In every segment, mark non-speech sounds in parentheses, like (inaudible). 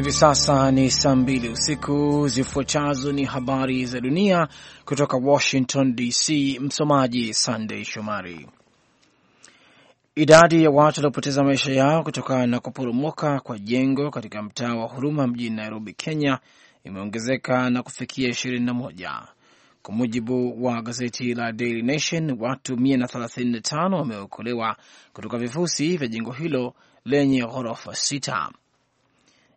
Hivi sasa ni saa mbili usiku. Zifuatazo ni habari za dunia kutoka Washington DC. Msomaji Sandey Shomari. Idadi ya watu waliopoteza maisha yao kutokana na kuporomoka kwa jengo katika mtaa wa Huruma mjini Nairobi, Kenya imeongezeka na kufikia moja kwa mujibu wa gazeti la Daily Nation. Watu 135 wameokolewa kutoka vifusi vya jengo hilo lenye ghorofa sita.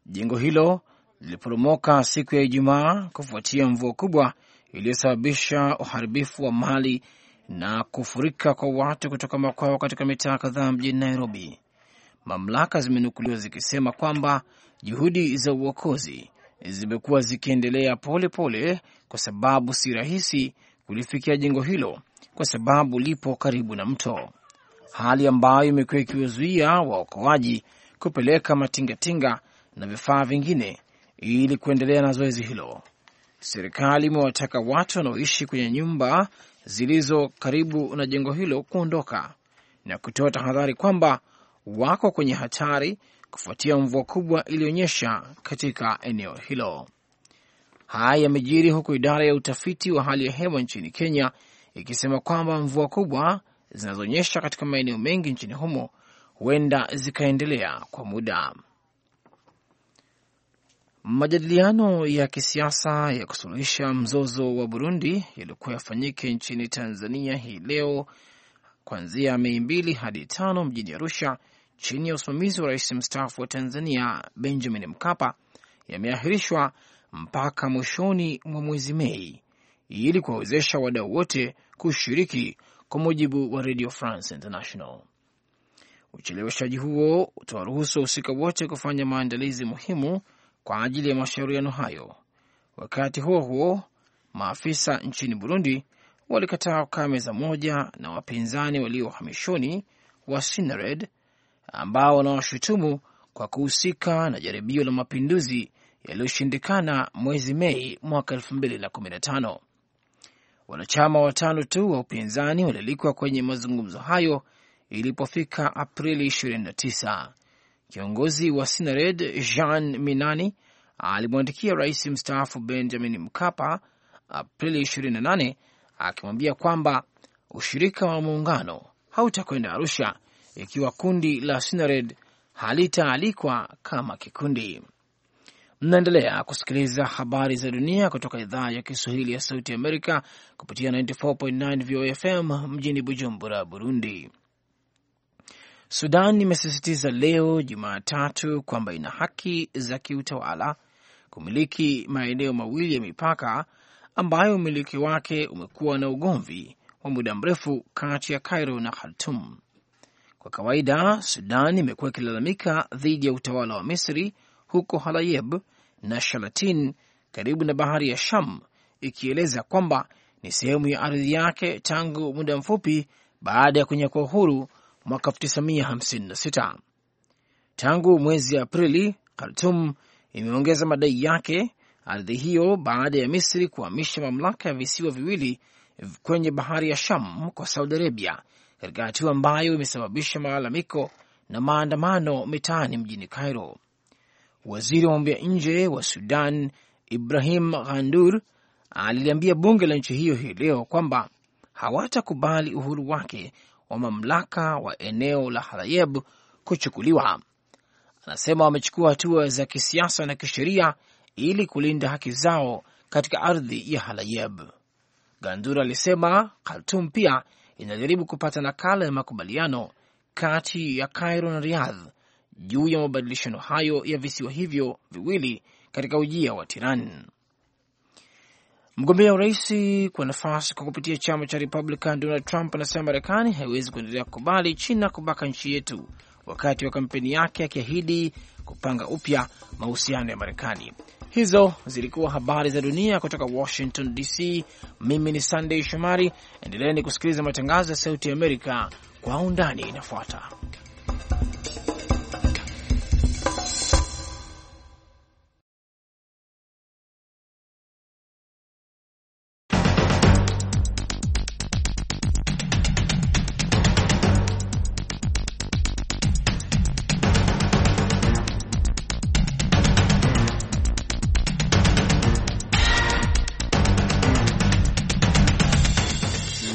Jengo hilo liliporomoka siku ya Ijumaa kufuatia mvua kubwa iliyosababisha uharibifu wa mali na kufurika kwa watu kutoka makwao katika mitaa kadhaa mjini Nairobi. Mamlaka zimenukuliwa zikisema kwamba juhudi za uokozi zimekuwa zikiendelea pole pole, kwa sababu si rahisi kulifikia jengo hilo kwa sababu lipo karibu na mto, hali ambayo imekuwa ikiwazuia waokoaji kupeleka matingatinga na vifaa vingine ili kuendelea na zoezi hilo. Serikali imewataka watu wanaoishi kwenye nyumba zilizo karibu na jengo hilo kuondoka na kutoa tahadhari kwamba wako kwenye hatari kufuatia mvua kubwa iliyonyesha katika eneo hilo. Haya yamejiri huku idara ya utafiti wa hali ya hewa nchini Kenya ikisema kwamba mvua kubwa zinazonyesha katika maeneo mengi nchini humo huenda zikaendelea kwa muda. Majadiliano ya kisiasa ya kusuluhisha mzozo wa Burundi yaliyokuwa yafanyike nchini Tanzania hii leo kuanzia Mei mbili hadi tano mjini Arusha chini ya usimamizi wa rais mstaafu wa Tanzania Benjamin Mkapa yameahirishwa mpaka mwishoni mwa mwezi Mei ili kuwawezesha wadau wote kushiriki, kwa mujibu wa Radio France International. Ucheleweshaji huo utawaruhusu wahusika wote kufanya maandalizi muhimu kwa ajili ya mashauriano hayo. Wakati huo huo, maafisa nchini Burundi walikataa kukaa meza moja na wapinzani walio uhamishoni wa Sinared ambao wanawashutumu kwa kuhusika na jaribio la mapinduzi yaliyoshindikana mwezi Mei mwaka 215 Wanachama watano tu wa upinzani walialikwa kwenye mazungumzo hayo ilipofika Aprili 29. Kiongozi wa Sinared Jean Minani alimwandikia rais mstaafu Benjamin Mkapa Aprili 28 akimwambia kwamba ushirika wa muungano hautakwenda Arusha ikiwa kundi la Sinared halitaalikwa kama kikundi. Mnaendelea kusikiliza habari za dunia kutoka idhaa ya Kiswahili ya Sauti Amerika kupitia 94.9 VOFM mjini Bujumbura, Burundi. Sudan imesisitiza leo Jumatatu kwamba ina haki za kiutawala kumiliki maeneo mawili ya mipaka ambayo umiliki wake umekuwa na ugomvi wa muda mrefu kati ya Cairo na Khartum. Kwa kawaida, Sudan imekuwa ikilalamika dhidi ya utawala wa Misri huko Halayeb na Shalatin karibu na bahari ya Sham, ikieleza kwamba ni sehemu ya ardhi yake tangu muda mfupi baada ya kunyakua uhuru mwaka 1956. Tangu mwezi Aprili, Khartum imeongeza madai yake ardhi hiyo baada ya Misri kuhamisha mamlaka ya visiwa viwili kwenye bahari ya Sham kwa Saudi Arabia, katika hatua ambayo imesababisha malalamiko na maandamano mitaani mjini Cairo. Waziri wa mambo ya nje wa Sudan Ibrahim Ghandur aliliambia bunge la nchi hiyo hii leo kwamba hawatakubali uhuru wake wa mamlaka wa eneo la Hadayeb kuchukuliwa. Anasema wamechukua hatua za kisiasa na kisheria ili kulinda haki zao katika ardhi ya Halayeb. Gandura alisema Khartum pia inajaribu kupata nakala ya makubaliano kati ya Cairo na Riyadh juu ya mabadilishano hayo ya visiwa hivyo viwili katika ujia wa Tiran. Mgombea urais kwa nafasi kwa kupitia chama cha Republican Donald Trump anasema Marekani haiwezi kuendelea kukubali China kubaka nchi yetu, wakati wa kampeni yake akiahidi kupanga upya mahusiano ya Marekani. Hizo zilikuwa habari za dunia kutoka Washington DC. Mimi ni Sandey Shomari. Endeleeni kusikiliza matangazo ya Sauti ya Amerika. Kwa undani inafuata.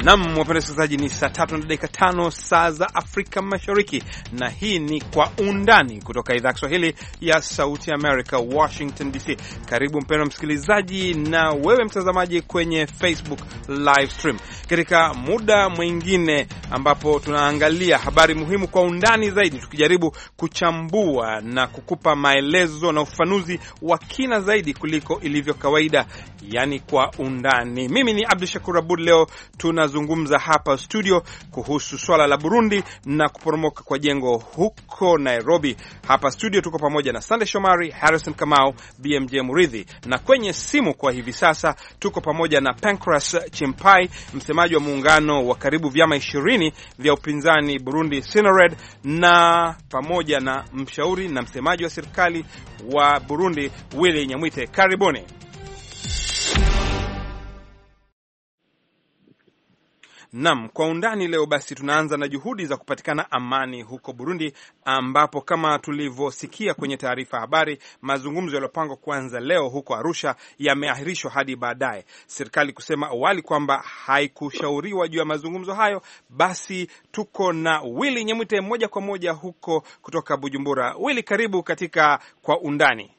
Nam wapenda wasikilizaji, ni saa tatu na dakika tano saa za Afrika Mashariki, na hii ni Kwa Undani kutoka idhaa ya Kiswahili ya Sauti America, Washington DC. Karibu mpendwa msikilizaji na wewe mtazamaji kwenye Facebook live stream katika muda mwingine ambapo tunaangalia habari muhimu kwa undani zaidi, tukijaribu kuchambua na kukupa maelezo na ufafanuzi wa kina zaidi kuliko ilivyo kawaida, yani kwa undani. Mimi ni Abdu Shakur Abud, leo tunazungumza kuzungumza hapa studio kuhusu swala la Burundi na kuporomoka kwa jengo huko Nairobi. Hapa studio tuko pamoja na Sande Shomari, Harrison Kamau, BMJ Muridhi, na kwenye simu kwa hivi sasa tuko pamoja na Pancras Chimpai, msemaji wa muungano wa karibu vyama ishirini vya upinzani Burundi sinored na pamoja na mshauri na msemaji wa serikali wa Burundi Willy Nyamwite. Karibuni. Naam, kwa undani leo basi tunaanza na juhudi za kupatikana amani huko Burundi, ambapo kama tulivyosikia kwenye taarifa ya habari, mazungumzo yaliyopangwa kuanza leo huko Arusha yameahirishwa hadi baadaye. Serikali kusema awali kwamba haikushauriwa juu ya mazungumzo hayo. Basi tuko na Willy Nyemwite moja kwa moja huko kutoka Bujumbura. Willy, karibu katika kwa undani.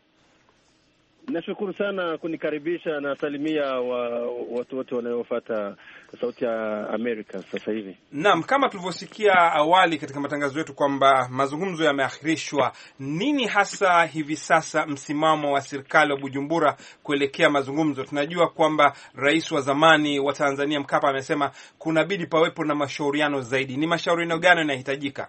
Nashukuru sana kunikaribisha na salimia wa watu wote wanaofuata Sauti ya Amerika sasa hivi. Naam, kama tulivyosikia awali katika matangazo yetu kwamba mazungumzo yameahirishwa, nini hasa hivi sasa msimamo wa serikali wa Bujumbura kuelekea mazungumzo? Tunajua kwamba rais wa zamani wa Tanzania Mkapa amesema kunabidi pawepo na mashauriano zaidi. Ni mashauriano gani yanahitajika?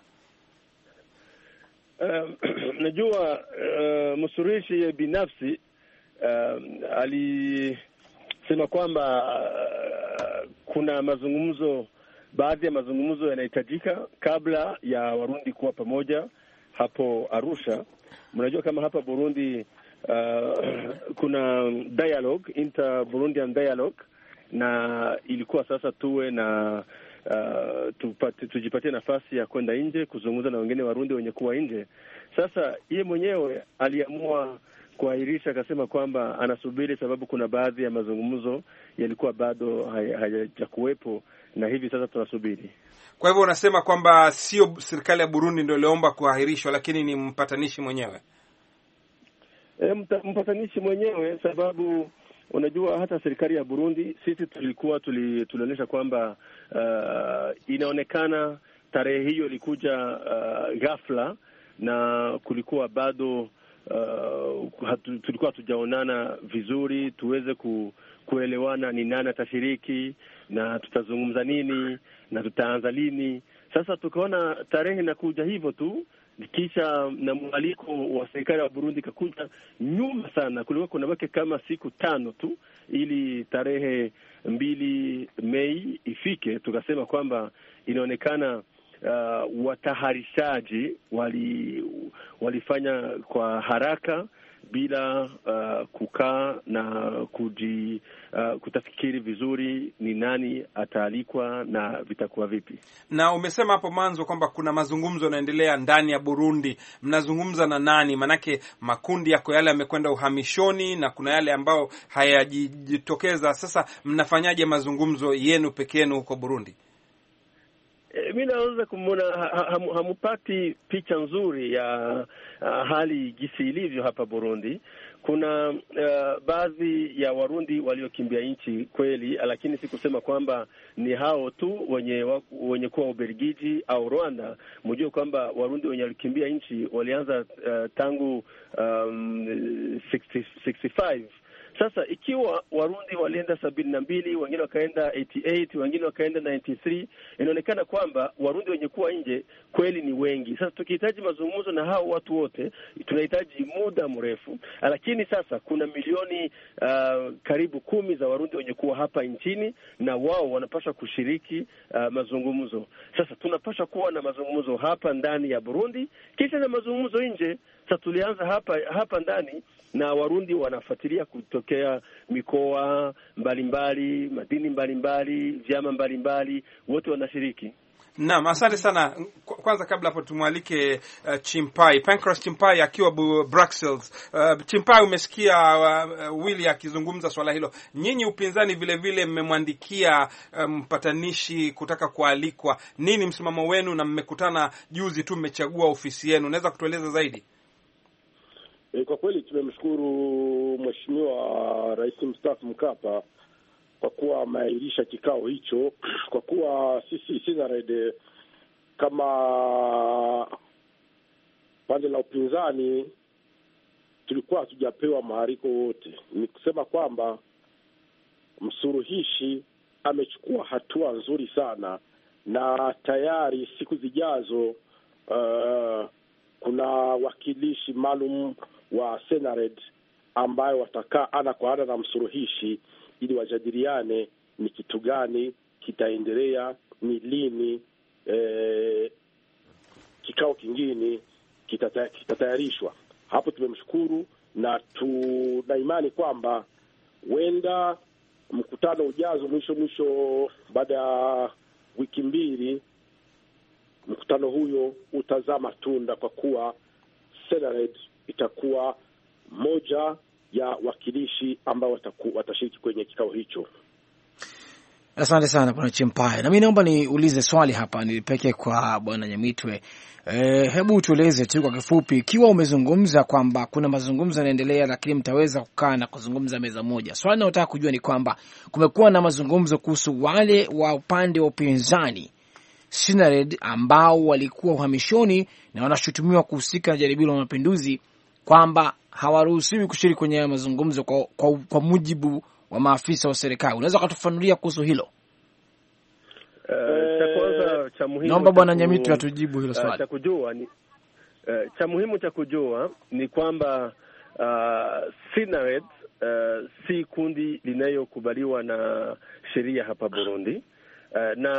Uh, (clears throat) najua uh, msuluhishi binafsi uh, alisema kwamba uh, kuna mazungumzo, baadhi ya mazungumzo yanahitajika kabla ya Warundi kuwa pamoja hapo Arusha. Mnajua kama hapa Burundi uh, kuna dialogue, inter Burundian dialogue, na ilikuwa sasa tuwe na Uh, tupate, tujipatie nafasi ya kwenda nje kuzungumza na wengine Warundi wenye kuwa nje. Sasa yeye mwenyewe aliamua kuahirisha, akasema kwamba anasubiri sababu kuna baadhi ya mazungumzo yalikuwa bado hayajakuwepo na hivi sasa tunasubiri. Kwa hivyo unasema kwamba sio serikali ya Burundi ndio iliomba kuahirishwa, lakini ni mpatanishi mwenyewe e, mta, mpatanishi mwenyewe sababu unajua hata serikali ya Burundi sisi tulikuwa tulionyesha kwamba uh, inaonekana tarehe hiyo ilikuja uh, ghafla na kulikuwa bado uh, hatu, tulikuwa hatujaonana vizuri, tuweze ku, kuelewana ni nani atashiriki na tutazungumza nini na tutaanza lini. Sasa tukaona tarehe inakuja hivyo tu, kisha na mwaliko wa serikali ya Burundi kakuja nyuma sana, kulikuwa kuna wake kama siku tano tu ili tarehe mbili Mei ifike. Tukasema kwamba inaonekana uh, wataharishaji wali, walifanya kwa haraka bila uh, kukaa na kuji, uh, kutafikiri vizuri ni nani ataalikwa na vitakuwa vipi. Na umesema hapo mwanzo kwamba kuna mazungumzo yanaendelea ndani ya Burundi. Mnazungumza na nani? Maanake makundi yako yale yamekwenda uhamishoni na kuna yale ambayo hayajitokeza. Sasa mnafanyaje mazungumzo yenu peke yenu huko Burundi? E, mi naweza kumwona ha, ha, hamupati picha nzuri ya ha, ah, hali jinsi ilivyo hapa Burundi. Kuna uh, baadhi ya Warundi waliokimbia nchi kweli, lakini si kusema kwamba ni hao tu wenye wenye kuwa Ubelgiji au Rwanda. Mjue kwamba Warundi wenye walikimbia nchi walianza uh, tangu um, 60, 65 sasa ikiwa Warundi walienda sabini na mbili, wengine wakaenda 88, wengine wakaenda 93, inaonekana kwamba Warundi wenye kuwa nje kweli ni wengi. Sasa tukihitaji mazungumzo na hao watu wote tunahitaji muda mrefu, lakini sasa kuna milioni uh, karibu kumi za Warundi wenye kuwa hapa nchini na wao wanapaswa kushiriki uh, mazungumzo. Sasa tunapaswa kuwa na mazungumzo hapa ndani ya Burundi, kisha na mazungumzo nje sasa tulianza hapa hapa ndani na Warundi wanafuatilia kutokea mikoa mbalimbali, madini mbalimbali, vyama mbalimbali, wote wanashiriki. Naam, asante sana. Kwanza kabla hapo tumwalike uh, Chimpai Pancras Chimpai akiwa Brussels. Uh, Chimpai, umesikia uh, uh, Willy akizungumza swala hilo. Nyinyi upinzani vilevile vile mmemwandikia um, mpatanishi um, kutaka kualikwa. Nini msimamo wenu, na mmekutana juzi tu mmechagua ofisi yenu, unaweza kutueleza zaidi? E, kwa kweli tumemshukuru Mheshimiwa Rais mstaafu Mkapa kwa kuwa ameahirisha kikao hicho, kwa kuwa sisi Sinared eh, kama pande la upinzani tulikuwa hatujapewa mahariko wote. Ni kusema kwamba msuruhishi amechukua hatua nzuri sana, na tayari siku zijazo, uh, kuna wakilishi maalum wa Senared ambayo watakaa ana kwa ana na msuruhishi ili wajadiliane ni kitu gani kitaendelea, ni lini e, kikao kingine kitatayarishwa. Hapo tumemshukuru na tuna imani kwamba huenda mkutano ujazo mwisho mwisho, baada ya wiki mbili, mkutano huyo utazaa matunda kwa kuwa Senared itakuwa moja ya wakilishi ambao watashiriki kwenye kikao hicho. Asante sana Bwana na mi naomba niulize swali hapa nilipeke kwa Bwana Nyamitwe. E, hebu tueleze tu kwa kifupi, ikiwa umezungumza kwamba kuna mazungumzo yanaendelea, lakini mtaweza kukaa na kuzungumza meza moja. Swali nayotaka kujua ni kwamba kumekuwa na mazungumzo kuhusu wale wa upande wa upinzani Sinared ambao walikuwa uhamishoni na wanashutumiwa kuhusika na jaribio la mapinduzi kwamba hawaruhusiwi kushiriki kwenye haya mazungumzo kwa, kwa, kwa mujibu wa maafisa wa serikali. Unaweza ukatufanulia kuhusu hilo? Eh, eh, naomba Bwana Nyamitu atujibu hilo eh, swali. ni cha muhimu cha kujua ni kwamba uh, uh, si kundi linayokubaliwa na sheria hapa Burundi. Eh, na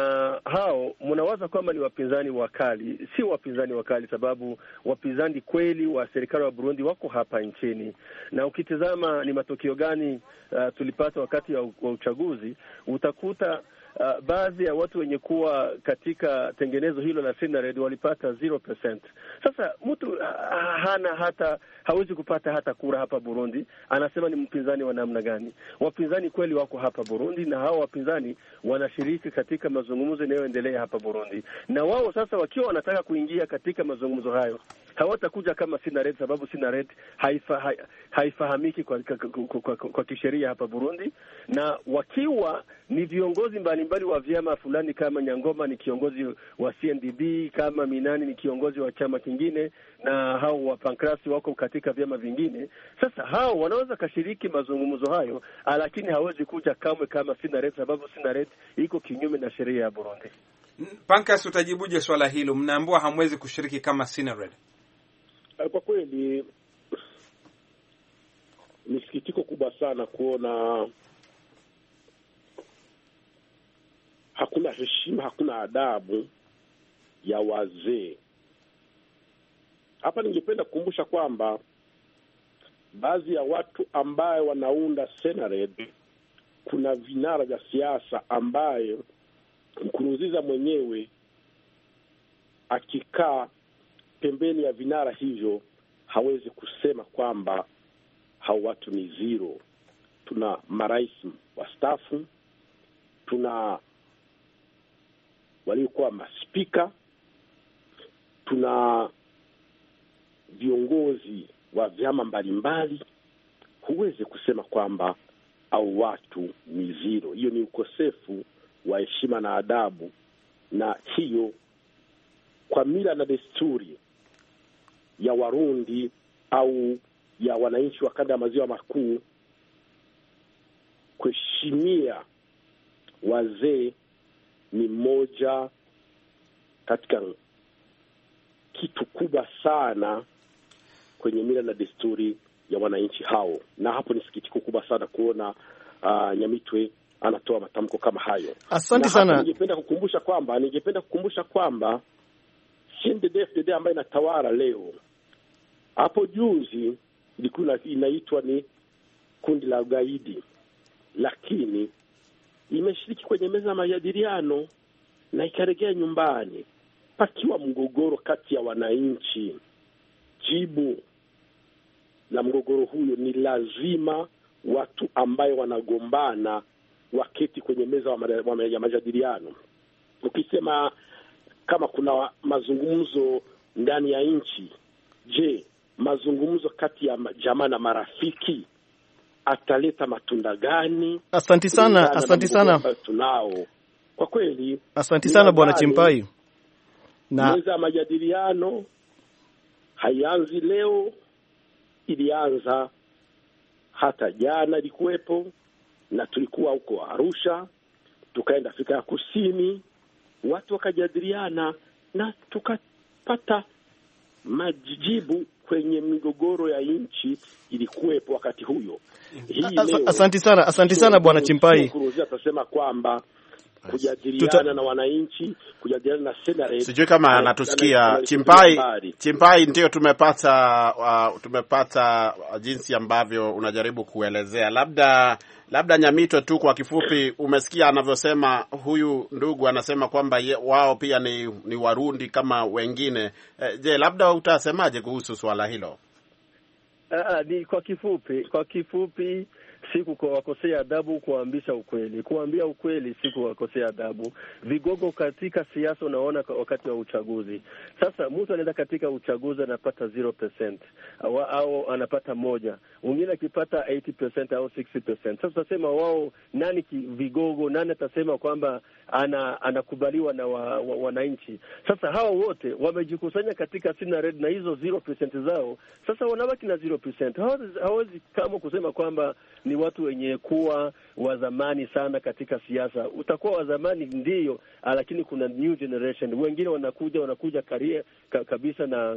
hao mnawaza kwamba ni wapinzani wakali. Si wapinzani wakali, sababu wapinzani kweli wa serikali wa Burundi wako hapa nchini, na ukitizama ni matokeo gani uh, tulipata wakati wa uchaguzi utakuta uh, baadhi ya watu wenye kuwa katika tengenezo hilo la Sinared walipata 0%. Sasa mtu uh, hana hata hawezi kupata hata kura hapa Burundi, anasema ni mpinzani wa namna gani? Wapinzani kweli wako hapa Burundi, na hao wapinzani wanashiriki katika mazungumzo yanayoendelea hapa Burundi, na wao sasa wakiwa wanataka kuingia katika mazungumzo hayo hawatakuja kama sina red, sababu sina red haifa, haifahamiki kwa, kwa, kwa, kwa, kwa kisheria hapa Burundi, na wakiwa ni viongozi mbalimbali wa vyama fulani, kama Nyangoma ni kiongozi wa CNDB, kama Minani ni kiongozi wa chama kingine, na hao wapankrasi wako katika vyama vingine. Sasa hao wanaweza kashiriki mazungumzo hayo, lakini hawezi kuja kamwe kama sina red, sababu sina red iko kinyume na sheria ya Burundi. Pankas, utajibuje swala hilo? Mnaambua hamwezi kushiriki kama sina red. Eh, kwa kweli ni sikitiko kubwa sana kuona hakuna heshima, hakuna adabu ya wazee. Hapa ningependa kukumbusha kwamba baadhi ya watu ambayo wanaunda Senared, kuna vinara vya siasa ambaye Nkurunziza mwenyewe akikaa pembeni ya vinara hivyo, hawezi kusema kwamba hao watu ni zero. Tuna marais wastaafu, tuna waliokuwa maspika, tuna viongozi wa vyama mbalimbali. Huwezi kusema kwamba au watu ni zero. Hiyo ni ukosefu wa heshima na adabu, na hiyo kwa mila na desturi ya Warundi au ya wananchi wa kanda ya maziwa makuu kuheshimia wazee ni moja katika kitu kubwa sana kwenye mila na desturi ya wananchi hao, na hapo ni sikitiko kubwa sana kuona uh, Nyamitwe anatoa matamko kama hayo. Asante sana. Ningependa kukumbusha kwamba ningependa kukumbusha kwamba CNDD-FDD ambayo inatawala leo hapo juzi ilikuwa inaitwa ni kundi la ugaidi, lakini imeshiriki kwenye meza ya majadiliano na ikaregea nyumbani, pakiwa mgogoro kati ya wananchi. Jibu la mgogoro huyo ni lazima watu ambayo wanagombana waketi kwenye meza ya majadiliano. Ukisema kama kuna mazungumzo ndani ya nchi, je, mazungumzo kati ya jamaa na marafiki ataleta matunda gani? Asanti sana, asanti sana, tunao kwa kweli. Asanti sana Bwana Chimpai. Na meza ya majadiliano haianzi leo, ilianza hata jana, ilikuwepo na tulikuwa huko Arusha, tukaenda Afrika ya Kusini, watu wakajadiliana na tukapata majibu kwenye migogoro ya nchi ilikuwepo wakati huyo. Hii leo, asanti sana, asanti sana Bwana Chimpai atasema kwamba kujadiliana Tuta... na wananchi kujadiliana na senate. Sijui kama anatusikia eh, Chimpai. Chimpai, ndio tumepata uh, tumepata uh, jinsi ambavyo unajaribu kuelezea, labda labda Nyamito tu kwa kifupi, umesikia anavyosema huyu ndugu, anasema kwamba wao pia ni, ni Warundi kama wengine eh, Je, labda utasemaje kuhusu swala hilo? Uh, ni kwa kifupi, kwa kifupi si kuwakosea adabu, kuwaambisha ukweli. Kuwaambia ukweli si kuwakosea adabu. Vigogo katika siasa unaona wakati wa uchaguzi. Sasa mtu anaenda katika uchaguzi anapata 0% au, au anapata moja, mwingine akipata 80% au 60%. Sasa utasema wao nani ki, vigogo nani atasema kwamba ana, anakubaliwa na wa, wa, wananchi. sasa hawa wote wamejikusanya katika Sina Red na hizo 0% zao, sasa wanabaki na 0%. Hawezi kamwe kusema kwamba ni watu wenye kuwa wa zamani sana katika siasa. Utakuwa wa zamani ndiyo, ah, lakini kuna new generation, wengine wanakuja wanakuja karia, ka, kabisa na na,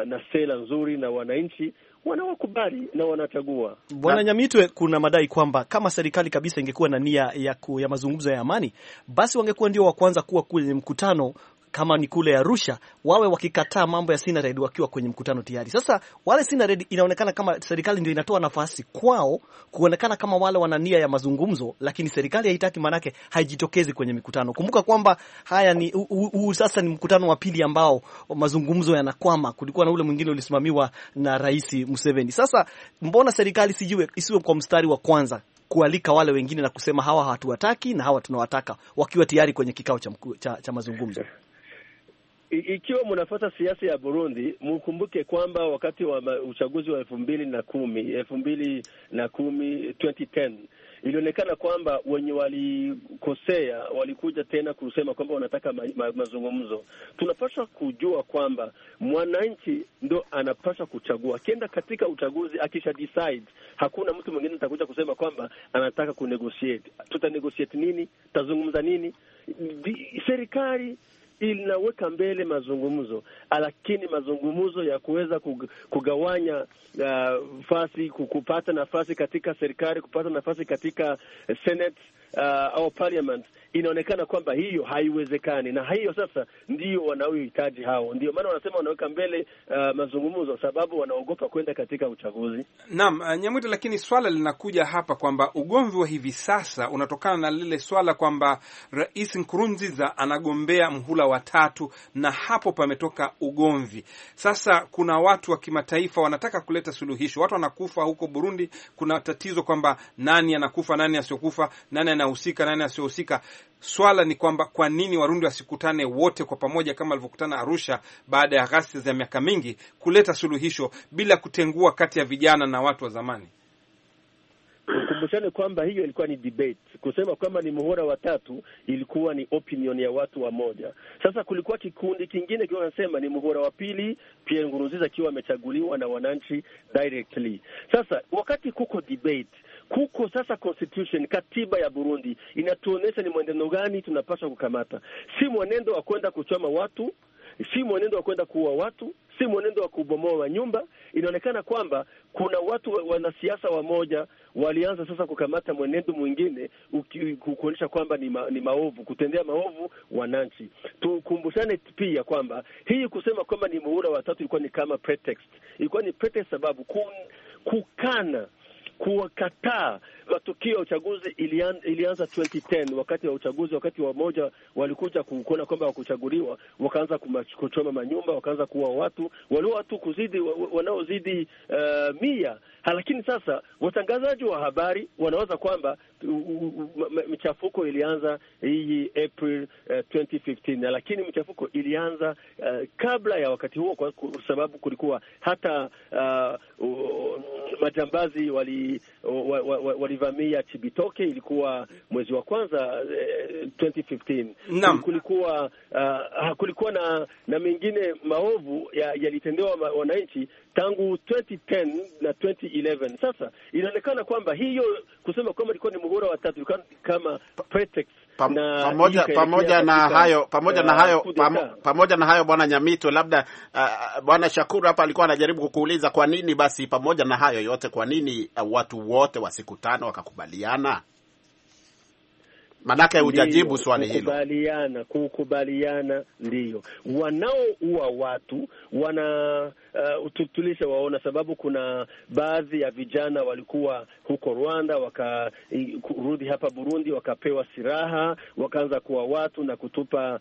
ah, na sera nzuri na wananchi wanawakubali na wanachagua. Bwana Nyamitwe, kuna madai kwamba kama serikali kabisa ingekuwa na nia ya, ya mazungumzo ya amani, basi wangekuwa ndio wa kwanza kuwa kwenye mkutano kama ni kule Arusha, wawe wakikataa mambo ya Sinared wakiwa kwenye mkutano tayari. Sasa wale Sinared inaonekana kama serikali ndio inatoa nafasi kwao kuonekana kama wale wana nia ya mazungumzo, lakini serikali haitaki, maanake haijitokezi kwenye mikutano. Kumbuka kwamba haya ni u, u, u, sasa ni mkutano wa pili ambao mazungumzo yanakwama. Kulikuwa na ule mwingine ulisimamiwa na Rais Museveni. Sasa mbona serikali sijue isiwe kwa mstari wa kwanza kualika wale wengine na kusema hawa hatuwataki na hawa tunawataka, wakiwa tayari kwenye kikao cha, cha, cha mazungumzo ikiwa mnafuata siasa ya Burundi, mkumbuke kwamba wakati wa uchaguzi wa elfu mbili na kumi elfu mbili na kumi 2010 ilionekana kwamba wenye walikosea walikuja tena kusema kwamba wanataka ma, ma, mazungumzo. Tunapaswa kujua kwamba mwananchi ndo anapaswa kuchagua, akienda katika uchaguzi akisha decide, hakuna mtu mwingine atakuja kusema kwamba anataka kunegotiate. Tutanegotiate nini? Tutazungumza nini? Serikali inaweka mbele mazungumzo, lakini mazungumzo ya kuweza kugawanya uh, fasi kupata nafasi katika serikali, kupata nafasi katika eh, Senate uh, au parliament inaonekana kwamba hiyo haiwezekani, na hiyo sasa ndio wanaohitaji hao. Ndio maana wanasema wanaweka mbele uh, mazungumzo, sababu wanaogopa kwenda katika uchaguzi. Naam, uh, Nyamwita, lakini swala linakuja hapa kwamba ugomvi wa hivi sasa unatokana na lile swala kwamba Rais Nkurunziza anagombea mhula wa tatu, na hapo pametoka ugomvi. Sasa kuna watu wa kimataifa wanataka kuleta suluhisho. Watu wanakufa huko Burundi, kuna tatizo kwamba nani anakufa, nani asiokufa, nani anahusika nani asiohusika. Swala ni kwamba kwa nini Warundi wasikutane wote kwa pamoja kama walivyokutana Arusha baada ya ghasia za miaka mingi, kuleta suluhisho bila kutengua kati ya vijana na watu wa zamani. Kumbushane kwamba hiyo ilikuwa ni debate. Kusema kwamba ni muhora wa tatu ilikuwa ni opinion ya watu wa moja. Sasa kulikuwa kikundi kingine kiwa nasema ni muhora wa pili, Pierre Nkurunziza akiwa amechaguliwa na wananchi directly. Sasa wakati kuko debate kuko sasa constitution, katiba ya Burundi inatuonyesha ni mwenendo gani tunapaswa kukamata. Si mwenendo wa kwenda kuchoma watu, si mwenendo wa kwenda kuua watu, si mwenendo wa kubomoa wa nyumba. Inaonekana kwamba kuna watu wanasiasa wamoja walianza sasa kukamata mwenendo mwingine kuonyesha kwamba ni, ma, ni maovu, kutendea maovu wananchi. Tukumbushane pia kwamba hii kusema kwamba ni muhula wa tatu ilikuwa ni kama pretext, ilikuwa ni pretext sababu kun, kukana kuwakataa matukio ya uchaguzi ilian, ilianza 2010 wakati wa uchaguzi, wakati wamoja walikuja kuona kwamba wakuchaguliwa, wakaanza kuchoma manyumba, wakaanza kuua watu, walio watu kuzidi wanaozidi uh, mia. Lakini sasa watangazaji wa habari wanaweza kwamba mchafuko ilianza hii April uh, eh, 2015, lakini mchafuko ilianza uh, kabla ya wakati huo, kwa sababu kulikuwa hata uh, uh, majambazi wali, wali, wali walivamia Chibitoke, ilikuwa mwezi wa kwanza eh, 2015 naam. Kulikuwa uh, kulikuwa na na mengine maovu yalitendewa ya wananchi tangu 2010 na 2011. Sasa inaonekana kwamba hiyo kusema kwamba ilikuwa ni muhula wa tatu kama pretext pamoja pamoja pamoja na hayo pamoja na uh, hayo pamoja na hayo bwana Nyamito, labda uh, bwana Shakuru hapa alikuwa anajaribu kukuuliza kwa nini basi, pamoja na hayo yote, kwa nini uh, watu wote wa siku tano wakakubaliana? Manake hujajibu swali hilo. Kukubaliana, kukubaliana, ndiyo wanaoua watu wana uh, tulishawaona, sababu kuna baadhi ya vijana walikuwa huko Rwanda wakarudi hapa Burundi, wakapewa silaha, wakaanza kuwa watu na kutupa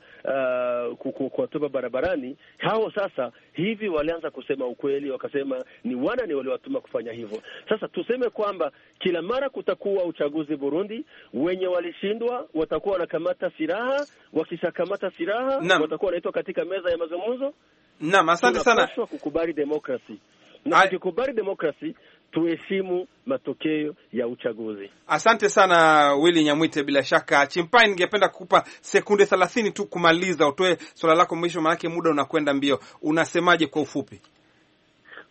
uh, kuwatupa barabarani. Hao sasa hivi walianza kusema ukweli, wakasema ni wanani waliwatuma kufanya hivyo. Sasa tuseme kwamba kila mara kutakuwa uchaguzi Burundi, wenye walishindwa watakuwa wanakamata silaha, wakishakamata silaha watakuwa wanaitwa katika meza ya mazungumzo Naam, asante sana. Tunapaswa kukubali demokrasi na tukikubali demokrasi tuheshimu matokeo ya uchaguzi. Asante sana Willy Nyamwite. Bila shaka Chimpai, ningependa kukupa sekunde thelathini tu kumaliza, utoe swala lako mwisho, maanake muda unakwenda mbio. Unasemaje kwa ufupi?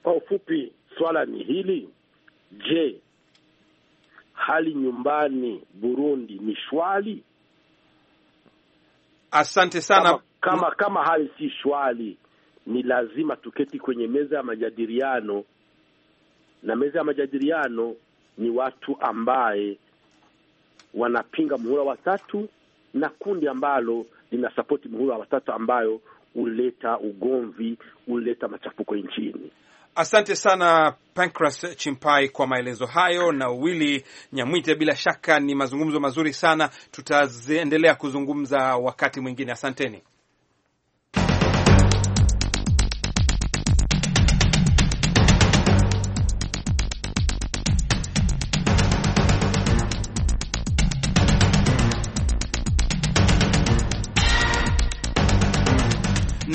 Kwa ufupi, swala ni hili. Je, hali nyumbani Burundi ni shwari? Asante sana. Kama kama, kama hali si shwari ni lazima tuketi kwenye meza ya majadiliano, na meza ya majadiliano ni watu ambaye wanapinga muhula wa tatu na kundi ambalo linasapoti muhula wa tatu ambayo ulileta ugomvi, ulileta machafuko nchini. Asante sana Pancras Chimpai kwa maelezo hayo, na Wili Nyamwite, bila shaka ni mazungumzo mazuri sana. Tutaendelea kuzungumza wakati mwingine. Asanteni.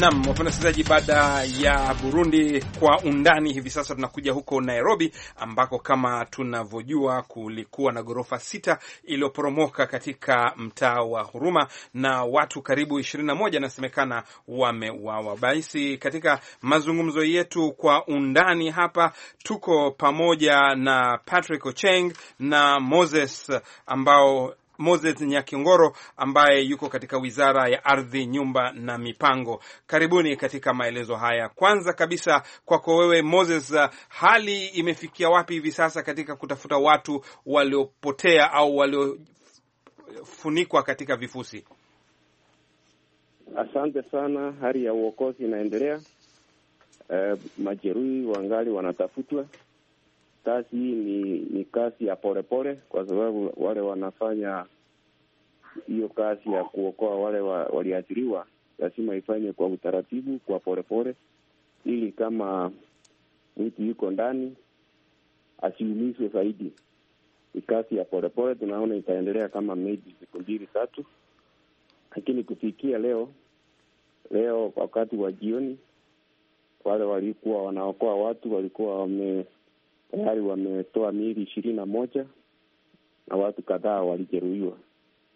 Nam, wapenda wasikilizaji, baada ya Burundi kwa undani, hivi sasa tunakuja huko Nairobi ambako kama tunavyojua kulikuwa na ghorofa sita iliyoporomoka katika mtaa wa Huruma na watu karibu moja inasemekana wameuawa. Basi katika mazungumzo yetu kwa undani hapa tuko pamoja na Patrick Ocheng na Moses ambao Moses Nyakingoro ambaye yuko katika Wizara ya Ardhi, Nyumba na Mipango. Karibuni katika maelezo haya. Kwanza kabisa kwako wewe Moses, uh, hali imefikia wapi hivi sasa katika kutafuta watu waliopotea au waliofunikwa katika vifusi? Asante sana. Hali ya uokozi inaendelea. E, majeruhi wangali wanatafutwa kazi hii ni, ni kazi ya polepole kwa sababu wale wanafanya hiyo kazi ya kuokoa wale wa, waliathiriwa lazima ifanye kwa utaratibu, kwa polepole ili kama mtu yuko ndani asiumizwe zaidi. Ni kazi ya polepole, tunaona itaendelea kama meji siku mbili tatu, lakini kufikia leo leo wakati wa jioni, wale walikuwa wanaokoa watu walikuwa wame tayari wametoa miili ishirini na moja na watu kadhaa walijeruhiwa.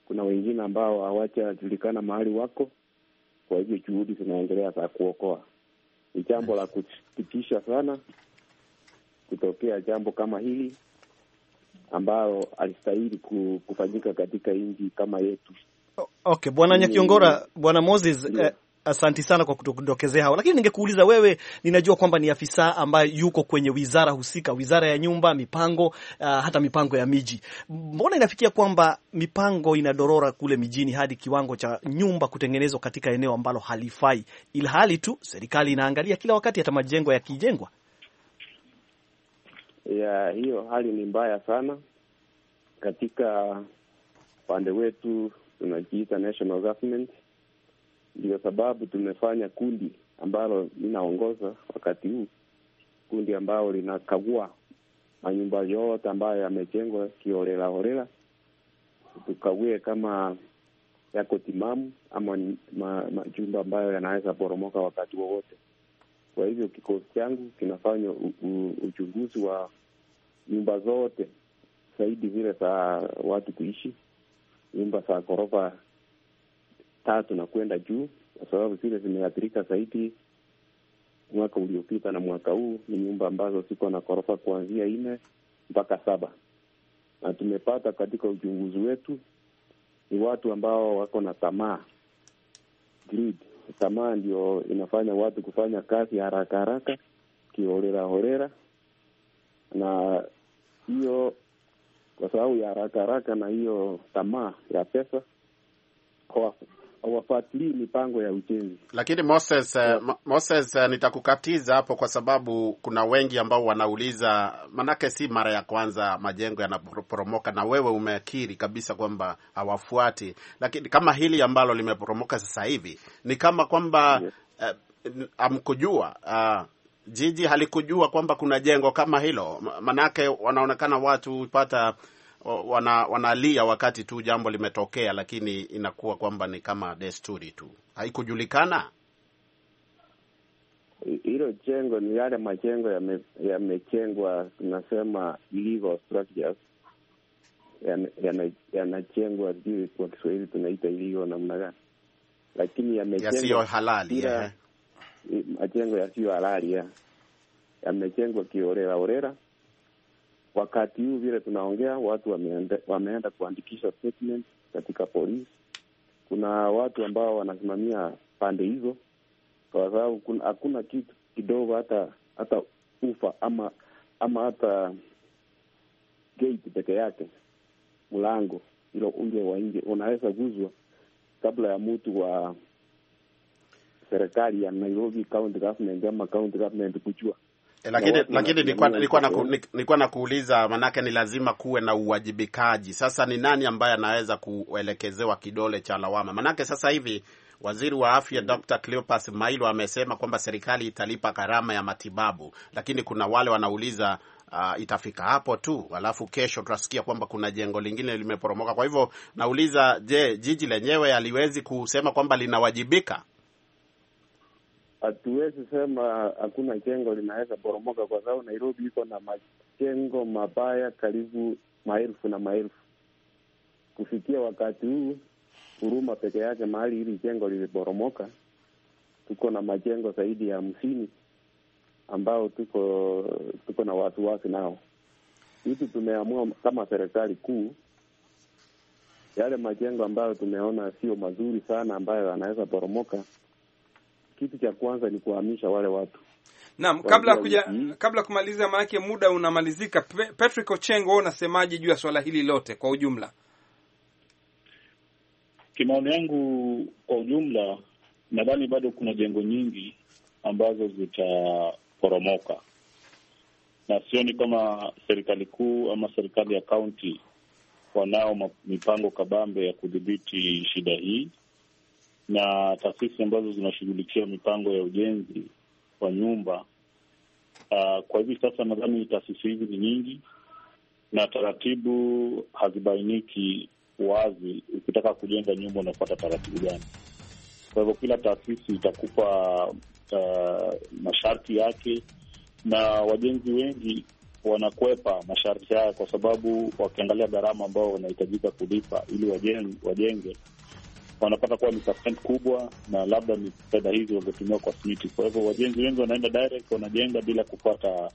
Kuna wengine ambao hawajajulikana mahali wako. Kwa hivyo juhudi zinaendelea za kuokoa. Ni jambo la kusikitisha sana kutokea jambo kama hili ambalo alistahili kufanyika katika nchi kama yetu. Okay, Bwana Nyakiongora, Bwana Moses, eh, Asanti sana kwa kutudokezea hao, lakini ningekuuliza wewe, ninajua kwamba ni afisa ambaye yuko kwenye wizara husika, wizara ya nyumba, mipango uh, hata mipango ya miji. Mbona inafikia kwamba mipango inadorora kule mijini hadi kiwango cha nyumba kutengenezwa katika eneo ambalo halifai, ilhali tu serikali inaangalia kila wakati, hata majengo yakijengwa? Ya, hiyo hali ni mbaya sana katika upande wetu tunajiita national government ndio sababu tumefanya kundi ambalo linaongoza wakati huu, kundi ambalo linakagua manyumba yote ambayo yamejengwa kiholelaholela, tukague kama yako timamu ama ni majumba ambayo yanaweza poromoka wakati wowote. Kwa hivyo kikosi changu kinafanya uchunguzi wa nyumba zote zaidi zile za watu kuishi, nyumba za ghorofa tatu na kwenda juu, kwa sababu zile zimeathirika zaidi mwaka uliopita na mwaka huu ni nyumba ambazo ziko na ghorofa kuanzia nne mpaka saba, na tumepata katika uchunguzi wetu ni watu ambao wako na tamaa. Greed, tamaa ndio inafanya watu kufanya kazi haraka haraka kiholela holela, na hiyo kwa sababu ya haraka haraka na hiyo tamaa ya pesa, hawafuatilii mipango ya ujenzi. Lakini Moses, eh, yeah. Moses, eh, nitakukatiza hapo kwa sababu kuna wengi ambao wanauliza, manake si mara ya kwanza majengo yanaporomoka, na wewe umekiri kabisa kwamba hawafuati, lakini kama hili ambalo limeporomoka sasa hivi ni kama kwamba yeah. uh, eh, amkujua uh, ah, jiji halikujua kwamba kuna jengo kama hilo, manake wanaonekana watu hupata wana, wanalia wakati tu jambo limetokea, lakini inakuwa kwamba ni kama desturi tu, haikujulikana hilo jengo. Ni yale majengo yamejengwa, tunasema illegal structures, yanajengwa, sijui kwa Kiswahili tunaita illegal namna gani, lakini yamejengwa yasiyo halali, eh. majengo yasiyo halali yamejengwa kiorera orera Wakati huu vile tunaongea, watu wameenda, wameenda kuandikisha statement katika polisi. Kuna watu ambao wanasimamia pande hizo, kwa sababu hakuna kitu kidogo hata hata ufa ama ama hata gate peke yake, mlango ilo unje wa nje unaweza guzwa kabla ya mtu wa serikali ya Nairobi County Government ama County Government kujua Eh, lakini yaani, lakini yaani nilikuwa nilikuwa nakuuliza, manake ni lazima kuwe na uwajibikaji. Sasa ni nani ambaye anaweza kuelekezewa kidole cha lawama? Manake sasa hivi Waziri wa afya Dr. Cleopas Mailo amesema kwamba serikali italipa gharama ya matibabu, lakini kuna wale wanauliza Uh, itafika hapo tu, alafu kesho tutasikia kwamba kuna jengo lingine limeporomoka. Kwa hivyo nauliza, je, jiji lenyewe haliwezi kusema kwamba linawajibika? hatuwezi sema hakuna jengo linaweza poromoka, kwa sababu Nairobi iko na majengo mabaya karibu maelfu na maelfu. Kufikia wakati huu, Huruma peke yake mahali hili jengo liliporomoka, tuko na majengo zaidi ya hamsini ambao tuko tuko na wasiwasi nao. Hitu tumeamua kama serikali kuu, yale majengo ambayo tumeona sio mazuri sana, ambayo yanaweza poromoka kitu cha kwanza ni kuhamisha wale watu. Naam, kabla kuja kabla kumaliza, maanake muda unamalizika. Patrick Ochengo, wewe unasemaje juu ya swala hili lote kwa ujumla? Kimaoni yangu kwa ujumla, nadhani bado kuna jengo nyingi ambazo zitaporomoka, na sioni kama serikali kuu ama serikali ya kaunti wanao mipango kabambe ya kudhibiti shida hii na taasisi ambazo zinashughulikia mipango ya ujenzi wa nyumba. Uh, kwa hivi sasa nadhani taasisi hizi ni nyingi na taratibu hazibainiki wazi. Ukitaka kujenga nyumba unafuata taratibu gani? Kwa hivyo kila taasisi itakupa uh, masharti yake, na wajenzi wengi wanakwepa masharti haya kwa sababu wakiangalia gharama ambao wanahitajika kulipa ili wajenge, wajenge wanapata kuwa ni investment kubwa, na labda ni fedha hizi wangetumiwa kwa smiti. Kwa hivyo wajenzi wengi wanaenda direct, wanajenga bila kufuata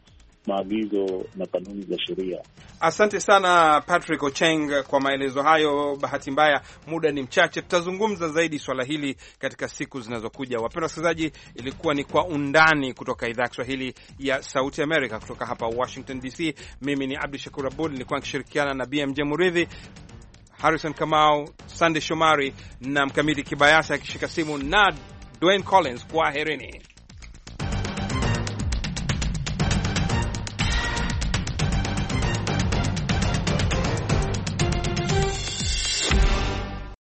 maagizo na kanuni za sheria. Asante sana Patrick Ocheng kwa maelezo hayo. Bahati mbaya muda ni mchache, tutazungumza zaidi swala hili katika siku zinazokuja. Wapendwa wasikilizaji, ilikuwa ni kwa undani kutoka idhaa ya Kiswahili ya Sauti Amerika, kutoka hapa Washington DC. Mimi ni Abdu Shakur Abud, nilikuwa nikishirikiana na BMJ Muridhi. Harrison Kamau, Sande Shomari na Mkamiti Kibayasi akishika simu na Dwayne Collins. herini.